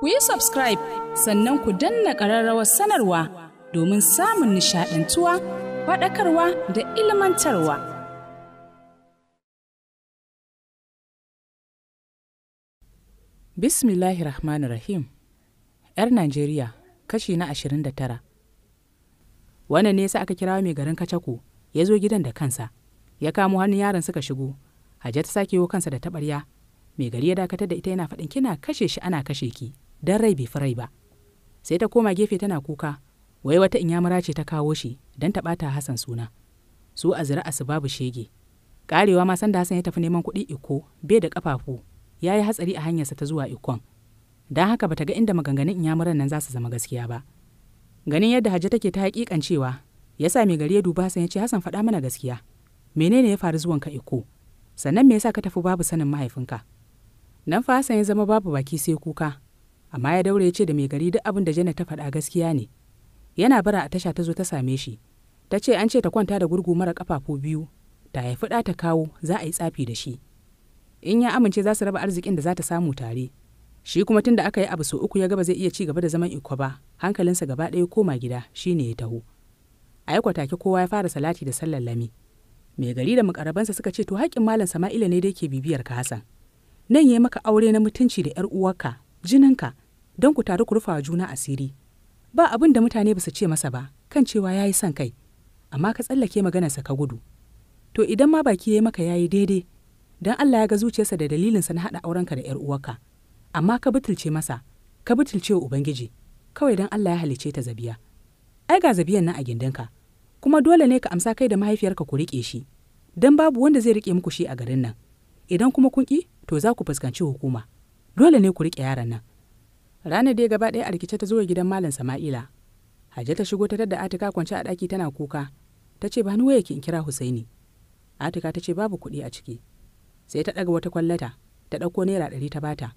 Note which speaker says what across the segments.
Speaker 1: ku yi subscribe sannan ku danna ƙararrawar sanarwa domin samun nishaɗantuwa faɗakarwa da ilmantarwa. Bismillahir Rahmanir Rahim, ‘yar Najeriya, kashi na ashirin da tara. Wannan ne sa aka kira mai garin Kacako ya zo gidan da kansa, ya kamo hannun yaron suka shigo, hajjata ta sake kansa da taɓarya, mai gari ya dakatar da ita yana faɗin kina kashe shi ana kashe ki. don rai bai farai ba sai ta koma gefe tana kuka wai wata inyamura ce ta kawo shi don ta ɓata Hassan suna su a zira'a su babu shege karewa ma sanda Hassan ya tafi neman kuɗi iko bai da ƙafafu ya yi hatsari a hanyarsa ta zuwa ikon don haka ba ta ga inda maganganun inyamuran nan za su zama gaskiya ba ganin yadda hajji take ta hakikan cewa ya sa mai gari ya duba Hassan ya ce Hassan faɗa mana gaskiya menene ya faru zuwanka iko sannan me yasa ka tafi babu sanin mahaifinka nan fa Hassan ya zama babu baki sai kuka amma ya daure ya ce da mai gari duk abin da janet ta faɗa gaskiya ne yana bara a tasha ta zo ta same shi ta ce an ce ta kwanta da gurgu mara kafafu biyu ta haifi ɗa ta kawo za a yi tsafi da shi in ya amince za su raba arzikin da za ta samu tare shi kuma tun da aka yi abu sau uku ya gaba zai iya ci gaba da zaman iko ba hankalinsa gaba ɗaya koma gida shine ya taho a yi kwatake kowa ya fara salati da sallar lami mai gari da makarabansa suka ce to haƙƙin malam sama'ila ne da yake bibiyar ka hasan nan ya maka aure na mutunci da 'yar uwarka jininka don ku taru ku rufa juna asiri ba abin da mutane ba su ce masa ba kan cewa ya yi son kai amma ka tsallake maganarsa ka gudu to idan ma baki ya maka ya yi daidai don Allah ya ga zuciyarsa da dalilinsa na haɗa aurenka da 'yar uwarka amma ka butulce masa ka butulce wa ubangiji kawai don Allah ya halice ta zabiya ai ga zabiyan nan a gindinka kuma dole ne ka amsa kai da mahaifiyarka ku riƙe shi don babu wanda zai riƙe muku shi a garin nan idan kuma kun ƙi to za ku fuskanci hukuma dole ne ku riƙe yaran nan ranar da ya gaba ɗaya a rikice ta zo gidan malam sama'ila hajja ta shigo ta tadda atika kwance a ɗaki tana kuka ta ce ba ni waya ki in kira husaini atika ta ce babu kuɗi a ciki sai ta ɗaga wata kwallata ta ɗauko naira ɗari ta bata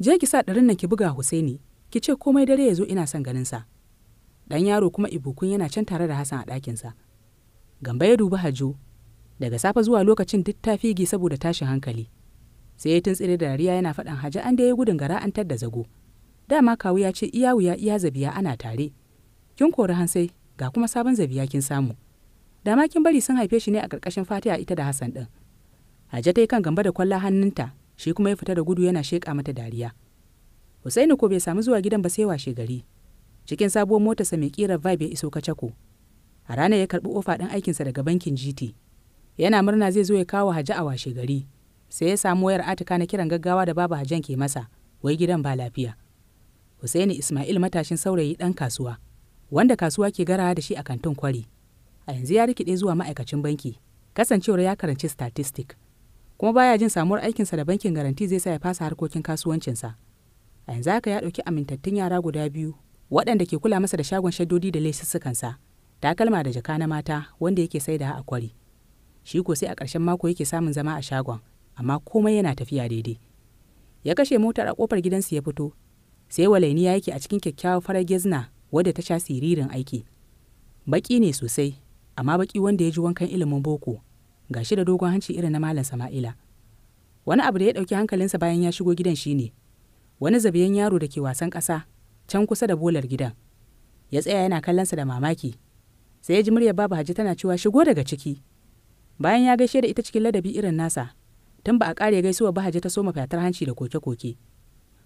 Speaker 1: je ki sa ɗarin nan ki buga husaini ki ce komai dare ya zo ina son ganin sa ɗan yaro kuma ibukun yana can tare da hassan a ɗakinsa gamba ya dubi hajjo daga safe zuwa lokacin duk ta fige saboda tashin hankali sai ya tuntsire da dariya yana faɗan hajji an da ya gudun gara an tadda zago dama kawu ya ce iya wuya iya zabiya ana tare kin kori hansai ga kuma sabon zabiya kin samu dama kin bari sun haife shi ne a ƙarƙashin fatiya ita da hassan ɗin hajja ta yi kan gamba da kwalla hannunta shi kuma ya fita da gudu yana sheƙa mata dariya Husainu ko bai samu zuwa gidan ba sai washe gari. Cikin sabuwar motarsa mai kira Vibe ya iso Kacako. A rana ya karɓi ofa ɗin aikinsa daga bankin GT. Yana murna zai zo ya kawo hajji a washe gari. Sai ya samu wayar Atika na kiran gaggawa da babu Hajjan ke masa, wai gidan ba lafiya. hussaini Ismail matashin saurayi ɗan kasuwa, wanda kasuwa ke gara da shi a kantin kwari. A yanzu ya rikide zuwa ma'aikacin banki, kasancewar ya karanci statistic. Kuma baya jin samuwar aikinsa da bankin garanti zai sa ya fasa harkokin kasuwancinsa. A yanzu haka ya ɗauki amintattun yara guda biyu, waɗanda ke kula masa da shagon shaddodi da laisissukansa, takalma da jaka na mata wanda yake saida a kwari. Shi ko sai a ƙarshen mako yake samun zama a shagon, amma komai yana tafiya daidai. Ya kashe motar a ƙofar gidansu ya fito, sai ya yake a cikin kyakkyawar farar gezna wadda ta sha siririn aiki baki ne sosai amma baki wanda ya ji wankan ilimin boko ga shi da dogon hanci irin na malam sama'ila wani abu da ya ɗauki hankalinsa bayan ya shigo gidan shine wani zabiyan yaro da ke wasan ƙasa can kusa da bolar gidan ya tsaya yana kallonsa da mamaki sai ya ji muryar babu haji tana cewa shigo daga ciki bayan ya gaishe da ita cikin ladabi irin nasa tun ba a ƙare gaisuwa ba haji ta soma fatar hanci da koke-koke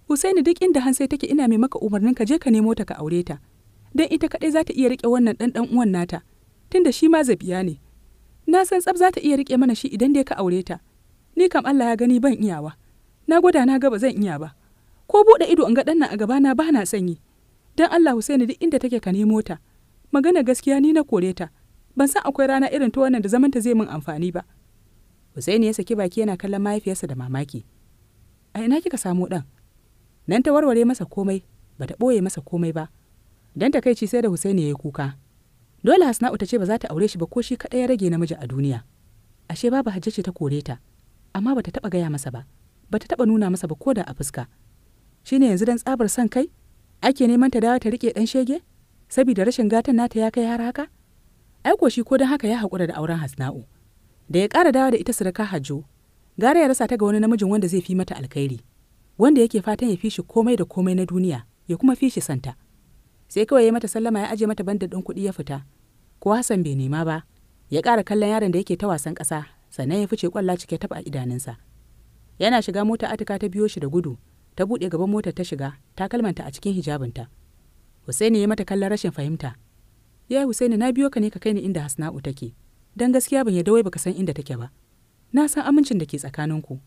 Speaker 1: Husaini duk inda Hansai take ina mai maka umarnin ka je ka nemo ta ka aure ta. Dan ita kadai za ta iya rike wannan dan dan uwan nata. Tunda shi ma zabiya ne. Na san tsab za ta iya rike mana shi idan dai ka aure ta. Ni kam Allah ya gani ban iyawa. Na gwada na ga ba zan iya ba. Ko bude ido in ga dan nan a gaba na ba na sanyi. Dan Allah Husaini duk inda take ka nemo ta. Magana gaskiya ni na kore ta. Ban san akwai rana irin ta wannan da zaman ta zai min amfani ba. Husaini ya saki baki yana kallon mahaifiyarsa da mamaki. A ina kika samu dan? nan ta warware masa komai ba ta ɓoye masa komai ba don ta kai ci sai da husaini ya yi kuka dole hasna'u ta ce ba za ta aure shi ba ko shi kaɗai ya rage namiji a duniya ashe babu ce ta kore ta amma ba ta taɓa gaya masa ba ba ta taɓa nuna masa ba ko da a fuska shi ne yanzu dan tsabar son kai ake neman ta dawo ta riƙe ɗan shege saboda rashin gatan nata ya kai har haka ai ko shi ko don haka ya haƙura da auren hasna'u da ya ƙara dawo da ita suraka hajjo gara ya rasa ta ga wani namijin wanda zai fi mata alkhairi wanda yake fatan ya fishi komai da komai na duniya ya kuma fi shi santa sai kawai ya mata sallama ya aje mata bandar ɗin kuɗi ya fita ko hassan bai nema ba ya ƙara kallon yaron da yake ta wasan ƙasa sannan ya fice kwalla cike taɓa idanunsa yana shiga mota atika ta biyo shi da gudu ta buɗe gaban motar ta shiga ta kalmanta a cikin hijabinta Husaini ya mata kallon rashin fahimta ya Husaini na biyo ka ne ka kai ni inda Hasna'u take don gaskiya ban yadda wai baka san inda take ba na san amincin da ke tsakaninku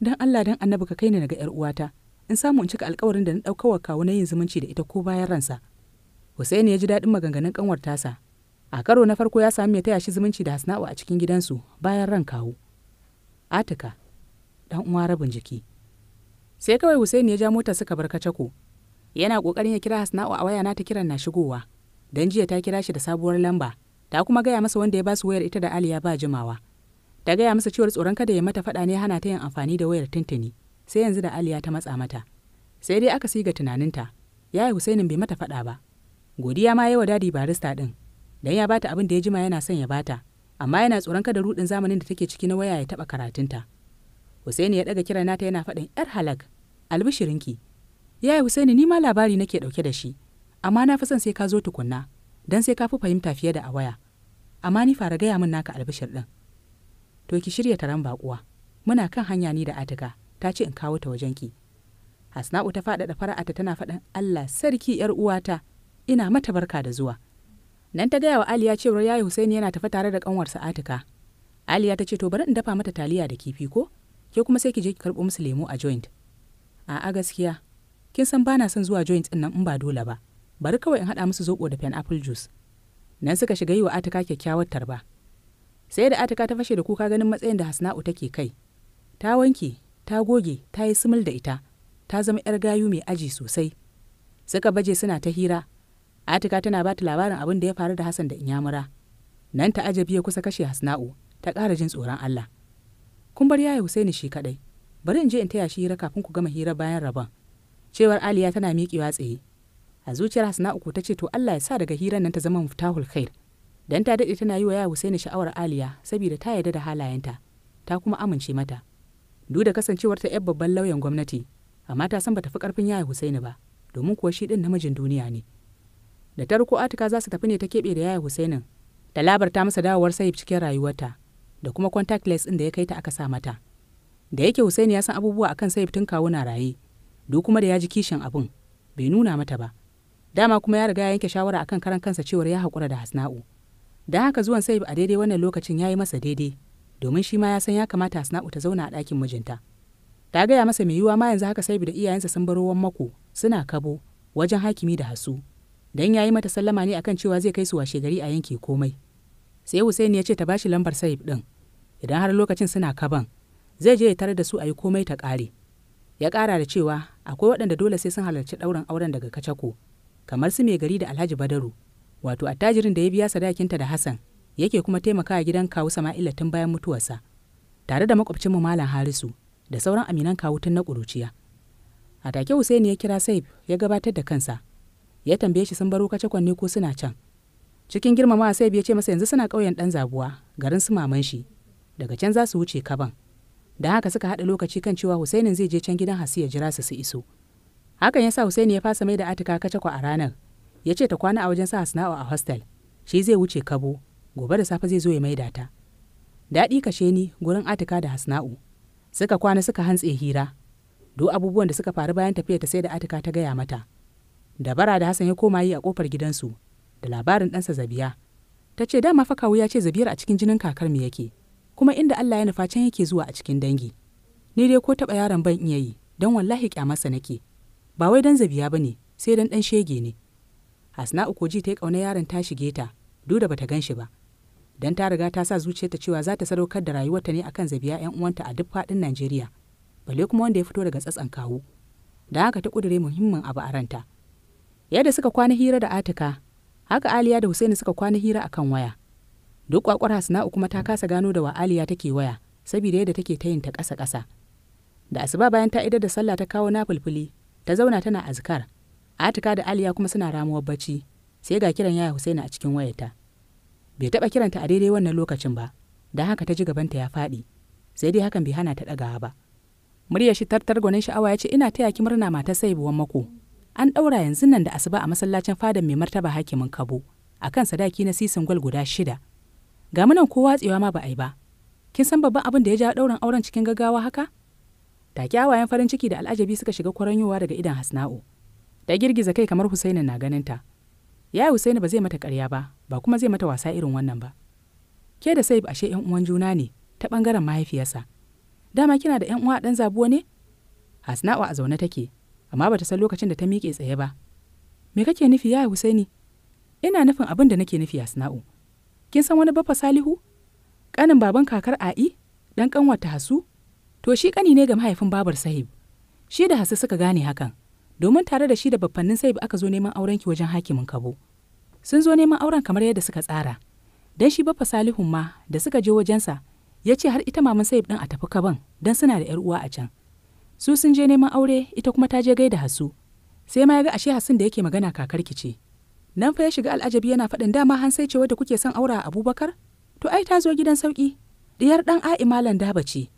Speaker 1: don Allah don annabi ka kai ni naga yar uwata in samu in cika alkawarin da na ɗauka wa kawo na yin zumunci da ita ko bayan ransa hussaini ya ji daɗin maganganun kanwar tasa a karo na farko ya sami ya taya shi zumunci da Hasna'u a cikin gidansu bayan ran kawo Atika dan uwa rabin jiki sai kawai Husaini ya ja mota suka bar kacako yana kokarin ya kira Hasna'u a waya na ta kiran na shigowa dan jiya ta kira shi da sabuwar lamba ta kuma gaya masa wanda ya ba su wayar ita da aliya ba jimawa ta gaya masa cewar tsoron kada ya mata faɗa ne hana ta yin amfani da wayar tuntuni sai yanzu da aliya ta matsa mata sai dai aka siga tunaninta ya yi husainin bai mata faɗa ba godiya ma wa dadi barista ɗin dan ya bata abin da ya jima yana son ya bata amma yana tsoron kada rudin zamanin da take ciki na waya ya taɓa karatunta husaini ya ɗaga kira nata yana faɗin yar halak albishirinki yi husaini ni ma labari nake ɗauke da shi amma na fi son sai ka zo tukunna don sai ka fi fahimta fiye da a waya amma ni fara gaya min naka albishir ɗin to ki shirya taron bakuwa muna kan hanya ni da atika ta ce in kawo ta wajen ki. hasna'u ta faɗaɗa fara'ata tana faɗin allah sarki yar uwata ina mata barka da zuwa nan ta gaya wa aliya cewar yayi husaini yana tafi tare da ƙanwarsa atika aliya ta ce to bari in dafa mata taliya da kifi ko ke kuma sai ki je ki karɓo musu lemu a joint a'a gaskiya kin san bana son zuwa joint ɗin nan in ba dole ba bari kawai in haɗa musu zoɓo da pineapple juice nan suka shiga yi wa atika kyakkyawar tarba sai da atika ta fashe da kuka ganin matsayin da hasna'u take kai ta wanke ta goge ta yi simil da ita ta zama 'yar gayu mai aji sosai suka baje suna ta hira atika tana ba ta labarin abin da ya faru da hasan da inyamura nan ta ajabi ya kusa kashe hasna'u ta ƙara jin tsoron allah kun bar yaya husaini shi kaɗai bari in je in taya shi hira kafin ku gama hira bayan rabon cewar aliya tana miƙewa tsaye a zuciyar hasna'u ko ta ce to allah ya sa daga hirar nan ta zama muftahul khair dan ta daɗe tana yi wa yaya Husaini sha'awar Aliya saboda ta yarda da halayenta ta kuma amince mata duk da kasancewar ta 'yar babban lauyan gwamnati amma ta san bata fi karfin yaya Husaini ba domin kuwa shi din namijin duniya ne da ta riko Atika za su tafi ne ta keɓe da yaya Husainin ta labarta masa dawowar sahib cikin rayuwarta da kuma contactless ɗin da ya kai ta aka sa mata da yake Husaini ya san abubuwa akan sahib tun kawo na raye duk kuma da ya ji kishin abin bai nuna mata ba dama kuma ya riga ya yanke shawara akan karan kansa cewar ya haƙura da Hasna'u da haka zuwan sai a daidai wannan lokacin ya yi masa daidai domin shi ma ya san ya kamata sana'u ta zauna a ɗakin mijinta ta gaya masa mai yiwuwa ma yanzu haka sai da iyayensa sun baro mako suna kabo wajen hakimi da hasu dan ya yi mata sallama ne akan cewa zai kai su washe gari a yanke komai sai Hussein ya ce ta bashi lambar Saif din idan har lokacin suna kaban zai je ya tare da su ayi komai ta ƙare ya ƙara da cewa akwai waɗanda dole sai sun halarci ɗaurin auren daga kacako kamar su mai gari da Alhaji Badaru wato attajirin da ya biya sadakinta da Hassan yake kuma taimakawa gidan kawu Sama'ila tun bayan mutuwarsa tare da makwabcin mu Malam Harisu da sauran aminan kawu tun na ƙuruciya. A take Husaini ya kira Saif ya gabatar da kansa ya tambaye shi sun baro kace kwanne ko suna can. Cikin girmamawa Saif ya ce masa yanzu suna ƙauyen dan zabuwa garin su maman shi daga can za su wuce kaban. Da haka suka haɗa lokaci kan cewa husaini zai je can gidan Hasi ya jira su su iso. Hakan ya sa Husaini ya fasa mai da atika kace a ranar ya ce ta kwana a wajen sa Hasna'u a hostel shi zai wuce kabo gobe da safe zai zo ya maida ta daɗi kashe ni gurin atika da hasna'u suka kwana suka hantse hira duk abubuwan da suka faru bayan tafiya ta sai da atika ta gaya mata dabara da hasan ya koma yi a kofar gidansu da labarin ɗansa zabiya ta ce dama fa kawu ya ce zabiyar a cikin jinin kakar mu yake kuma inda allah ya nufa can yake zuwa a cikin dangi ni dai ko taɓa yaron ban iya yi don wallahi kyamarsa nake ba wai dan zabiya ba ne sai dan ɗan shege ne asna'u ko ta yi ƙauna yaron ta shige ta duk da bata gan shi ba don ta riga ta sa zuciyarta cewa za ta sadaukar da rayuwarta ne akan zabiya 'yan uwanta a duk faɗin Najeriya balle kuma wanda ya fito daga tsatsan kawo da haka ta ƙudure muhimmin abu a ranta yadda suka kwana hira da Atika haka Aliya da Husaini suka kwana hira akan waya duk kwakwar Hasna'u kuma ta kasa gano da wa Aliya take waya saboda yadda take ta yin ta ƙasa ƙasa da asuba bayan ta idar da sallah ta kawo na fulfuli ta zauna tana azkar atika da aliya kuma suna ramuwar bacci sai ga kiran yaya husaina a cikin wayarta bai taɓa kiranta a daidai wannan lokacin ba don haka ta ji gabanta ya faɗi sai dai hakan bai hana ta ɗagawa ba muryar shi tartar gwanin sha'awa ya ce ina taya ki murna matar saibuwan mako an ɗaura yanzu nan da asuba a masallacin fadan mai martaba hakimin kabo Akan sadaki na sisin gwal guda shida ga munan ko watsewa ma ba a yi ba kin san babban abin da ya ja ɗaurin auren cikin gaggawa haka take kyawayen farin ciki da al'ajabi suka shiga kwaranyowa daga idan hasna'u da girgiza kai kamar Husaini na ta Ya Husaini ba zai mata ƙarya ba, ba kuma zai mata wasa irin wannan ba. Ke da Saib ashe ƴan uwan juna ne ta ɓangaren mahaifiyarsa. Dama kina da ƴan uwa ɗan zabuwa ne? Hasna'u a zaune take, amma bata san lokacin da ta miƙe tsaye ba. Me kake nufi ya Husaini? Ina nufin abin da nake nufi Hasna'u. Kin san wani baffa Salihu? Ƙanin baban kakar A'i, ɗan ta Hasu? To shi ƙani ne ga mahaifin babar Sahib. Shi da Hasu suka gane hakan. domin tare da shi da baffannin sai aka zo neman aurenki wajen hakimin kabo sun zo neman auren kamar yadda suka tsara dan shi baffa salihun ma da suka je wajensa ya ce har ita maman sai din a tafi kaban dan suna da yar uwa a can su sun je neman aure ita kuma ta je gaida hasu sai ma ya ga ashe hasun da yake magana kakarki ce nan fa ya shiga al'ajabi yana faɗin dama han sai cewa da kuke son aura a abubakar to ai ta zo gidan sauki diyar dan a'i malam daba ce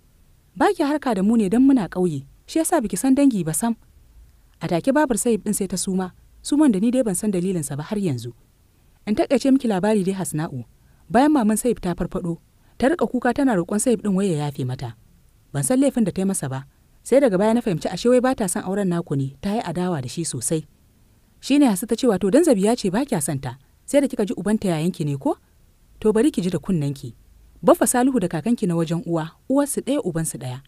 Speaker 1: ba ki harka da mu ne don muna ƙauye shi yasa biki san dangi ba sam a take babur sayib din sai ta suma suman da ni dai ban san dalilinsa ba har yanzu in takaice miki labari dai hasna'u bayan maman sayib ta farfado ta rika kuka tana roƙon sayib din waya yafe mata ban san laifin da ta yi masa ba sai daga baya na fahimci ashe wai ba son auren naku ne ta yi adawa da shi sosai shine hasu ta ce wato dan zabiya ce ba kya son sai da kika ji ubanta ki ne ko to bari ki ji da kunnanki baffa salihu da kakanki na wajen uwa uwarsu ɗaya su ɗaya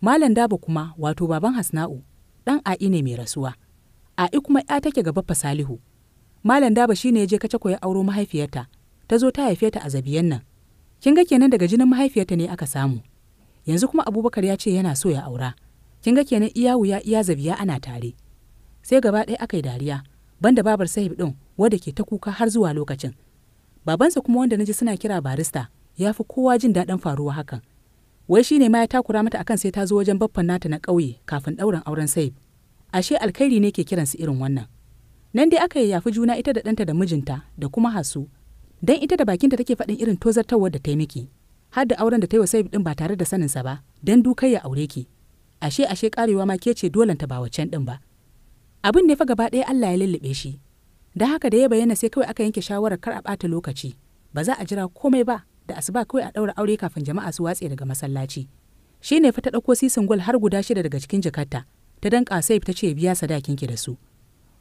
Speaker 1: malam daba kuma wato baban hasna'u ɗan a'i ne mai rasuwa a'i kuma ya take gaba Salihu. malam daba shine ya je kace koyi auro mahaifiyarta ta zo ta haife ta a zabiyan nan kin ga kenan daga jinin mahaifiyarta ne aka samu yanzu kuma abubakar ya ce yana so ya aura kin ga kenan iya wuya iya zabiya ana tare sai gaba ɗaya aka yi dariya banda babar sahib ɗin wadda ke ta kuka har zuwa lokacin babansa kuma wanda na ji suna kira barista ya fi kowa jin daɗin faruwa hakan wai shine ma ya takura mata akan sai ta zo wajen baffan nata na ƙauye kafin ɗaurin auren saib ashe alkhairi ne ke kiransu irin wannan nan dai aka yafi juna ita da ɗanta da mijinta da kuma hasu dan ita da bakinta take faɗin irin tozartarwar da ta yi miki har da auren da ta yi wa saib ɗin ba tare da saninsa ba dan dukai ya aure ki ashe ashe karewa ma ke ce dolanta ba waccan ɗin ba abin ne fa gaba ɗaya Allah ya lullube shi da haka da ya bayyana sai kawai aka yanke shawarar kar a ɓata lokaci ba za a jira komai ba da asuba kawai a ɗaura aure kafin jama'a su watse daga masallaci shi ne fa ta ɗauko sisin gwal har guda shida daga cikin jakarta ta danƙa saif ta ce biya sadakin ki da su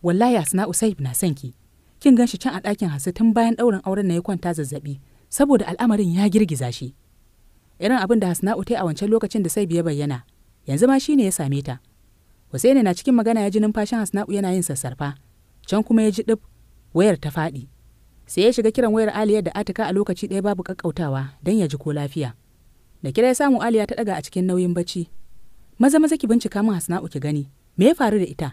Speaker 1: wallahi asna'u saif na son ki kin gan shi can a ɗakin hasu tun bayan ɗaurin auren na ya kwanta zazzaɓi saboda al'amarin ya girgiza shi irin abin da hasna'u ta yi a wancan lokacin da saif ya bayyana yanzu ma shi ne ya same ta Hussaini na cikin magana ya ji numfashin Hasna'u yana yin sassarfa, can kuma ya ji ɗib wayar ta faɗi. sai ya shiga kiran wayar aliya da atika a lokaci ɗaya babu kakkautawa don ya ji ko lafiya da kira ya samu aliya ta ɗaga a cikin nauyin bacci maza maza ki bincika min hasna'u ki gani me ya faru da ita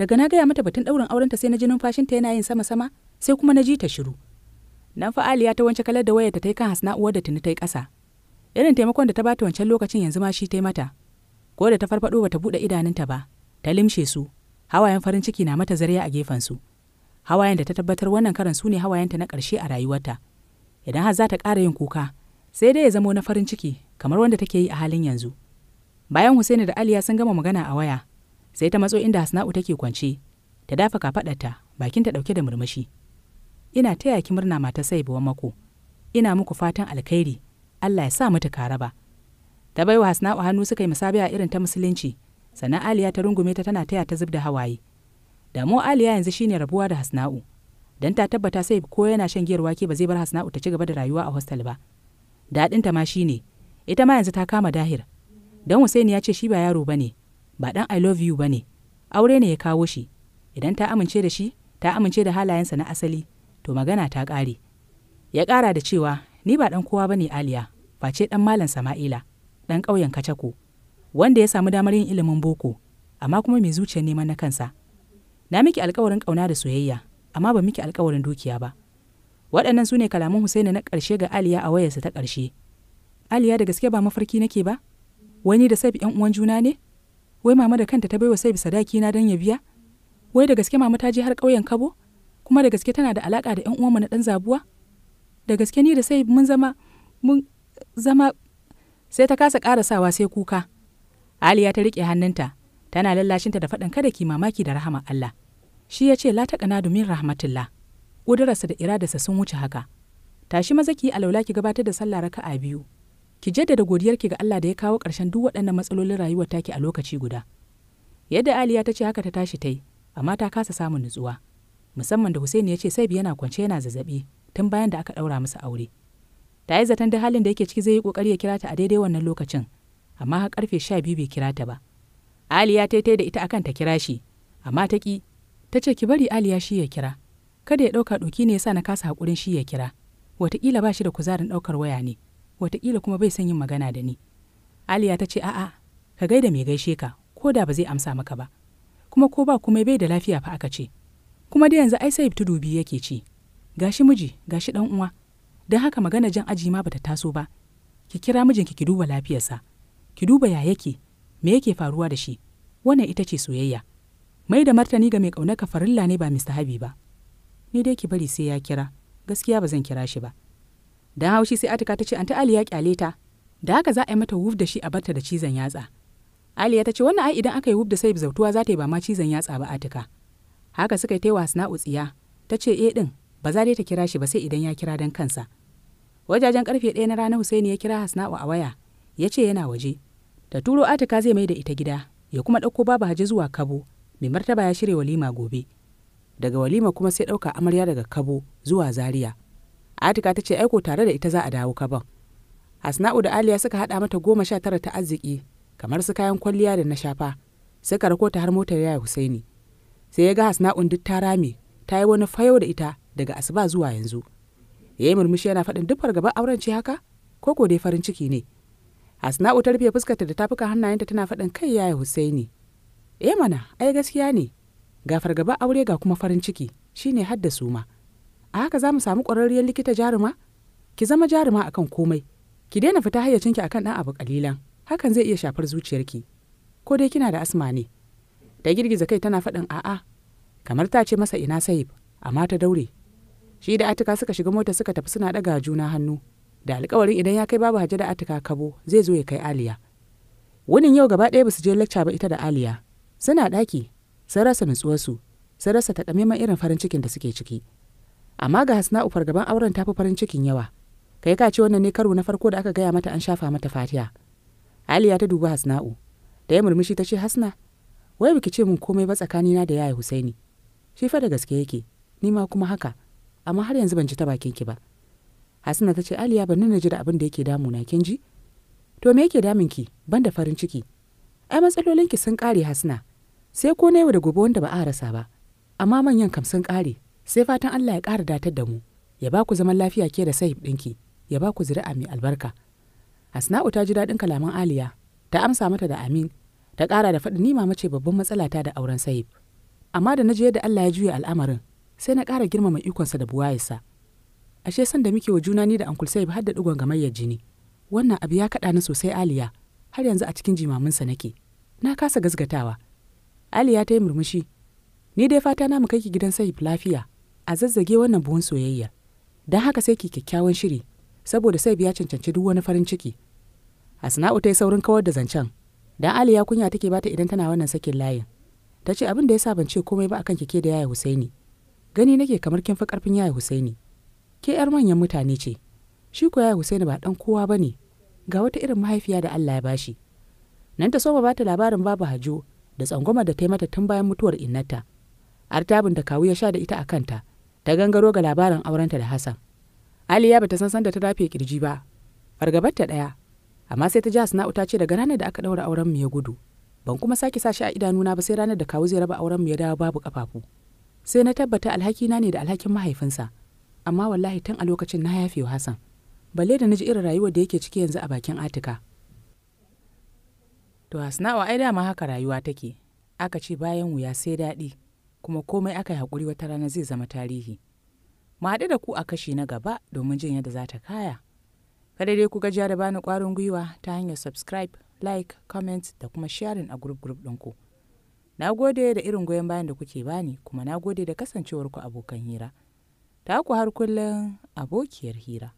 Speaker 1: daga na gaya mata batun ɗaurin aurenta sai na ji numfashinta yana yin sama sama sai kuma na ji ta shiru nan fa aliya ta wance kalar da wayar ta yi kan hasna'u da tuni ta yi ƙasa irin taimakon da ta bata wancan lokacin yanzu ma shi ta mata ko da ta farfaɗo bata buɗe idanunta ba ta limshe su hawayen farin ciki na mata zariya a gefen su hawayen da ta tabbatar wannan karan su ne hawayenta na ƙarshe a rayuwarta idan har za ta ƙara yin kuka sai dai ya zamo na farin ciki kamar wanda take yi a halin yanzu bayan Husaini da Aliya sun gama magana a waya sai ta matso inda Hasna'u take kwance ta dafa kafaɗarta ta ɗauke da murmushi ina taya ki murna mata sai mako ina muku fatan alkhairi Allah ya sa mata karaba ta bai wa Hasna'u hannu suka yi musabiya irin ta musulunci sannan Aliya ta rungume ta tana taya ta zub da hawaye damu aliya yanzu shine rabuwa da hasna'u don ta tabbata sai ko yana shan giyar wake ba zai bar hasna'u ta ci gaba da rayuwa a hostel ba daɗinta ma shine ita ma yanzu ta kama dahir don Hussaini ya ce shi ba yaro bane ba dan I love you bane aure ne ya kawo shi idan ta amince da shi ta amince da halayensa na asali to magana ta ƙare ya ƙara da cewa ni ba dan kowa bane Aliya ba ce dan Malam Sama'ila dan ƙauyen Kacako wanda ya samu damar yin ilimin boko amma kuma mai zuciyar neman na kansa na miki alkawarin ƙauna da soyayya amma ba miki alkawarin dukiya ba waɗannan su ne kalaman husaini na ƙarshe ga aliya a wayarsa ta ƙarshe aliya da gaske ba mafarki nake ba wani da sabi yan uwan juna ne wai mama da kanta ta baiwa sabi sadaki na dan ya biya wai da gaske mama ta je har ƙauyen kabo kuma da gaske tana da alaka da yan uwanmu na dan zabuwa da gaske ni da sai mun zama mun zama sai ta kasa ƙarasawa sai kuka aliya ta riƙe hannunta tana lallashinta da faɗin kada ki mamaki da rahama Allah shi ya ce la na domin rahmatullah ƙudurarsa da iradarsa sun wuce haka tashi maza ki yi alaula ki gabatar da sallah raka a biyu ki jaddada godiyarki ga Allah da ya kawo ƙarshen duk waɗannan matsalolin rayuwar taki a lokaci guda yadda Aliya ta ce haka ta tashi ta yi amma ta kasa samun nutsuwa musamman da Hussein ya ce sai yana kwance yana zazzaɓi, tun bayan da aka ɗaura masa aure ta yi zaton da halin da yake ciki zai yi ƙoƙari ya kira ta a daidai wannan lokacin amma har ƙarfe sha biyu bai kira ta ba aliya ta da ita akan ta kira shi amma ta ki ta ce ki bari aliya shi ya kira kada ya ɗauka ɗoki ne yasa na kasa haƙurin shi ya kira wataƙila ba shi da kuzarin ɗaukar waya ne wataƙila kuma bai san yin magana da ni aliya ta ce a'a ka gaida mai gaishe ka ko da ba zai amsa maka ba kuma ko ba kuma bai da lafiya fa aka ce kuma da yanzu ai sai tudu biyu yake ci gashi miji gashi dan uwa don haka magana jan aji ma bata taso ba ki kira mijinki ki duba lafiyarsa ki duba ya yake me yake faruwa da shi wannan ita ce soyayya mai da martani ga mai ƙaunaka farilla ne ba habi ba ni dai ki bari sai ya kira gaskiya ba zan kira shi ba dan haushi sai atika ta ce anta ali ya kyale ta da haka za a yi mata wuf da shi a barta da cizon yatsa aliya ta ce wannan ai idan aka yi wuf da sai zautuwa za ta yi ba ma cizon yatsa ba atika haka suka yi ta wasna utsiya ta ce eh din ba za dai ta kira shi ba sai idan ya kira dan kansa wajajen karfe ɗaya na rana Husaini ya kira Hasna'u a waya ya ce yana waje ta turo atika zai mai da ita gida ya kuma ɗauko babu haji zuwa kabo mai martaba ya shirya walima gobe daga walima kuma sai ɗauka amarya daga kabo zuwa zaria atika ta ce aiko tare da ita za a dawo kabon. hasna'u da aliya suka haɗa mata goma sha tara ta arziki kamar su kayan kwalliya da na shafa suka rako ta har motar yaya husaini sai ya ga hasna'un duk ta rame ta yi wani fayo da ita daga asuba zuwa yanzu ya yi murmushi yana faɗin duk fargabar auren ce haka ko ko dai farin ciki ne asna'u ta rufe fuskarta da tafuka hannayenta tana faɗin kai yaya husaini eh mana ai gaskiya ne ga fargaba aure ga kuma farin ciki ne hadda su ma a haka za mu samu ƙwararriyar likita jaruma ki zama jaruma akan komai ki daina fita hayyacinki akan ɗan abu ƙalilan. hakan zai iya shafar zuciyarki ko dai kina da asma ne Ta girgiza kai tana faɗin a'a kamar ta ce masa ina sahib amma ta daure shi da atika suka shiga mota suka tafi suna ɗaga juna hannu da alkawarin idan ya kai babu hajjada atika kabo zai zo ya kai aliya wunin yau gaba ɗaya basu je lacca ba ita da aliya suna ɗaki sun rasa nutsuwarsu sun rasa takamaiman irin farin cikin da suke ciki amma ga hasna ufar gaban auren tafi farin cikin yawa kai ka ce wannan ne karo na farko da aka gaya mata an shafa mata fatiya aliya ta dubi hasna'u da ya murmushi ta ce hasna wai biki ce mun komai ba tsakanina da yaya husaini shi fa da gaske yake ni ma kuma haka amma har yanzu ban ji ta bakin ki ba hasina ta ce aliya ban na ji da abin da yake damuna kin ji to me yake damun ki ban da farin ciki ai matsalolin ki sun kare hasina sai ko na yau da gobe wanda ba a rasa ba amma manyan kam sun kare sai fatan Allah ya ƙara datar da mu ya ba ku zaman lafiya ke da sahib ɗinki ya ba ku zuri'a mai albarka hasna'u ta ji daɗin kalaman Aliya ta amsa mata da amin ta ƙara da faɗi ni mama ce babban matsala ta da auren sahib amma da na je yadda Allah ya juya al'amarin sai na ƙara girmama ikonsa da buwayarsa ashe san da muke wa juna ni da Uncle Saib har da dugon gamayyar jini wannan abu ya kaɗa ni sosai Aliya har yanzu a cikin jimaminsa nake na kasa gasgatawa Aliya ta yi murmushi ni dai fata na mu kai ki gidan Saib lafiya a zazzage wannan buhun soyayya don haka sai ki kyakkyawan shiri saboda Saib ya cancanci duk wani farin ciki Asna'u ta yi saurin kawar da zancen dan Aliya kunya take bata idan tana wannan sakin layin ta ce abin da ya sa ban ce komai ba akan kike da yaya Husaini gani nake kamar kin fi karfin yaya Husaini ke 'yar manyan mutane ce shi ko ya Husaini ba dan kowa ba ne ga wata irin mahaifiya da Allah ya bashi nan ta soma ba ta labarin babu hajo da tsangwamar da ta yi mata tun bayan mutuwar innata bin da kawu ya sha da ita a kanta ta gangaro ga labarin aurenta da Hassan Aliya bata san san da ta dafe kirji ba fargabar ta daya amma sai ta ji hasna ta ce daga ranar da aka daura auren mu ya gudu ban kuma sake sa shi a idanuna ba sai ranar da kawu zai raba auren mu ya dawo babu kafafu sai na tabbata alhaki na ne da alhakin mahaifinsa amma wallahi tun a lokacin na yafe Hassan balle da naji irin rayuwar da yake ciki yanzu a bakin Atika to asna'a ai dama haka rayuwa take aka ce bayan wuya sai daɗi kuma komai aka yi haƙuri wata rana zai zama tarihi mu haɗu da ku a kashi na gaba domin jin yadda za ta kaya kada dai ku gajiya da bani ƙwarin gwiwa ta hanyar subscribe like comment da kuma sharing a group group ɗinku na gode da irin goyon bayan da kuke bani kuma na gode da kasancewarku abokan hira taku har kullum abokiyar hira.